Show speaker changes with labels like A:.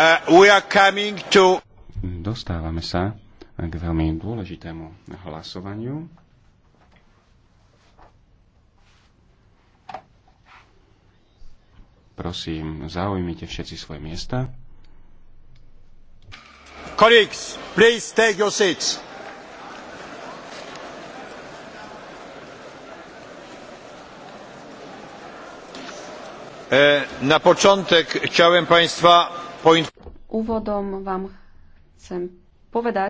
A: Uh,
B: Dostávame sa k veľmi dôležitému hlasovaniu. Prosím, zaujmite všetci svoje miesta.
C: Colleagues, please take your seats.
D: Uh, na początek chciałem Państwa
E: Úvodom vám
F: chcem povedať,